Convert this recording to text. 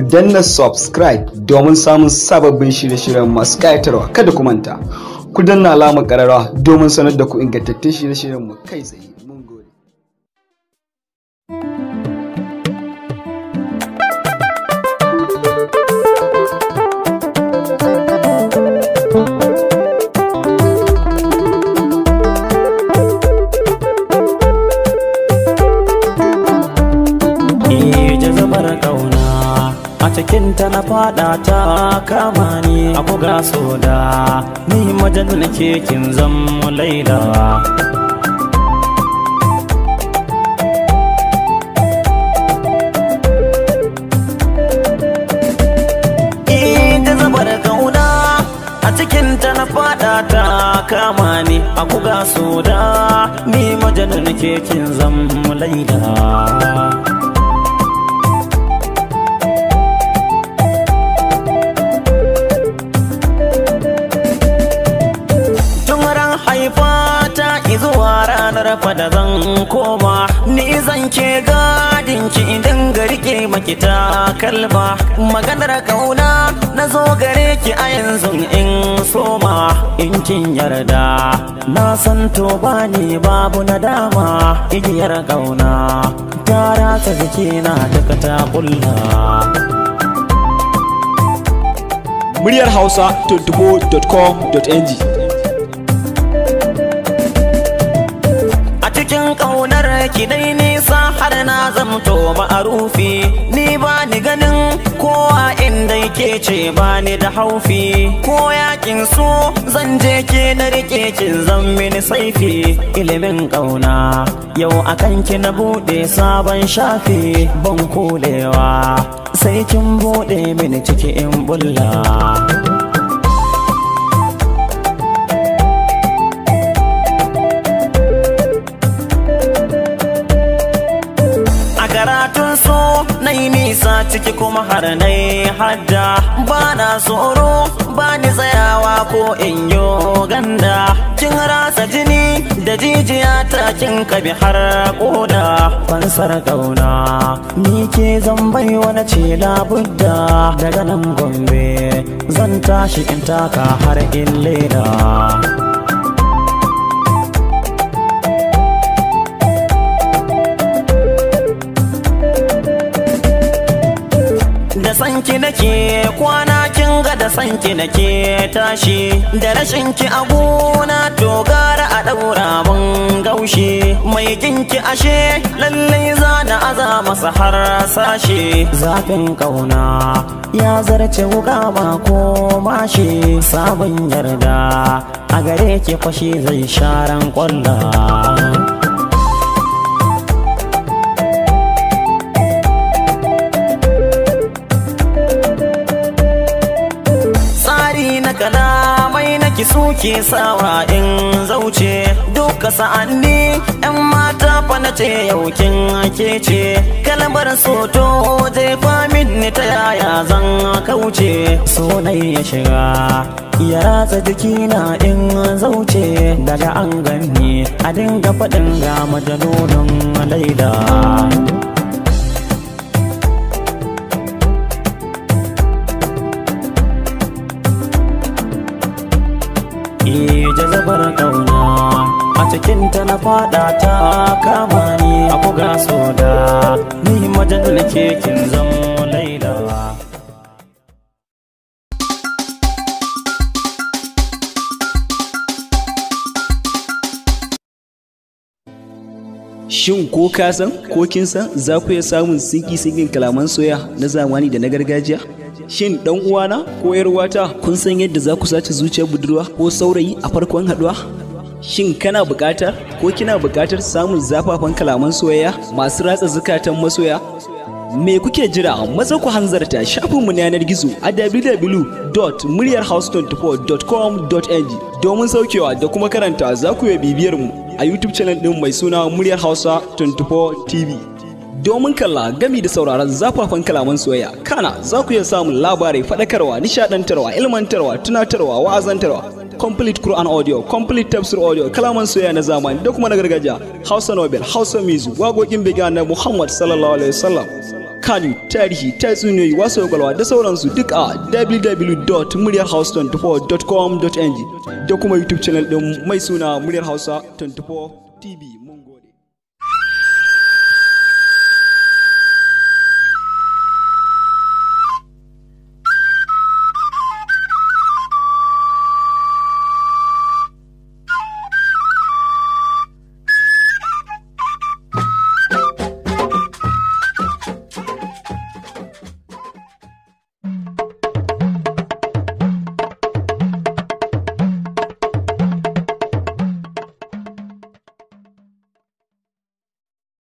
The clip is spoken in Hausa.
ku danna subscribe domin samun sababbin shirye-shiryen masu kayatarwa. kada ku manta ku danna alamar ƙararwa domin sanar da ku ingantattun shirye-shiryen mu kai tsaye a cikin ta na fada ta kama ni a buga soda ni majalin kekin zan laila cikinta na fada ta kama ni a kuga soda ni majalar kekin zan laida fa da zan koma ni zan ke gadin ki idan garke maki ta kalba maganar kauna na zo gare ki a yanzu in soma in kin yarda na san to ni babu nadama igiyar kauna ta jiki na daga ta kulla muryar hausa cikin ƙaunar ki dai nisa har na zamto ma'arufi ni ba ni ganin kowa inda ke ce ba ni da haufi ko yakin so zan je ke na rike kin zan mini saifi ilimin ƙauna yau akan ki na buɗe sabon shafi ban kolewa sai kin buɗe mini ciki in bulla nisa ciki kuma har nai hadda ba na tsoro ba ni tsayawa ko in yi ganda kin rasa jini da jijiya ta kin kabi har koda fansar gauna ni ke zan bai wani ce labudda daga nan gombe zan tashi in taka har in leda Sanki nake kwana kin ga da sanki nake tashi da rashin ki a gona to gara a daura mun gaushe mai kinki ashe lallai za na aza masa har sashe zafin kauna ya zarce wuka ba ko mashi sabon yarda a gare ki fashi zai sharan kwalla ki so ke sawa in zauce duka sa'anni yan mata fa na ce yaukin ake ce kalmar soto je famin ni ta yaya zan kauce sunai ya shiga ya ratsa jiki na in zauce daga an gani a dinga faɗin ga majalolin laida cikin ta na fada ta kama ni a buga da ni ke kin zamo laila Shin ko ka san ko kin san za ku iya samun sinki sinkin kalaman soya na zamani da na gargajiya? Shin ɗan uwana ko ‘yar uwata kun san yadda za ku sace zuciyar budurwa ko saurayi a farkon haɗuwa? Shin kana buƙatar ko kina bukatar samun zafafan kalaman soyayya masu ratsa zukatan masoya? Me kuke jira maza ku hanzarta shafinmu na yanar gizo a www.muryarhouse24.com.ng domin saukewa da kuma karanta za ku bibiyar mu a YouTube channel din mai suna Muryar Hausa 24 TV. domin kalla gami da sauraron zafafan kalaman soyayya kana za ku iya samun labarai faɗakarwa nishaɗantarwa ilmantarwa tunatarwa wa'azantarwa complete Quran audio, complete tafsir audio, kalaman soyayya na zamani da kuma na gargajiya, Hausa Nobel, Hausa Mizu, waƙoƙin biga na Muhammad sallallahu alaihi wasallam. Kanu, tarihi, tatsuniyoyi, wasu kwakwalwa da sauransu duk a wwwmuryarhouse 24comng da kuma YouTube channel ɗin mai suna Muryar Hausa 24 TV.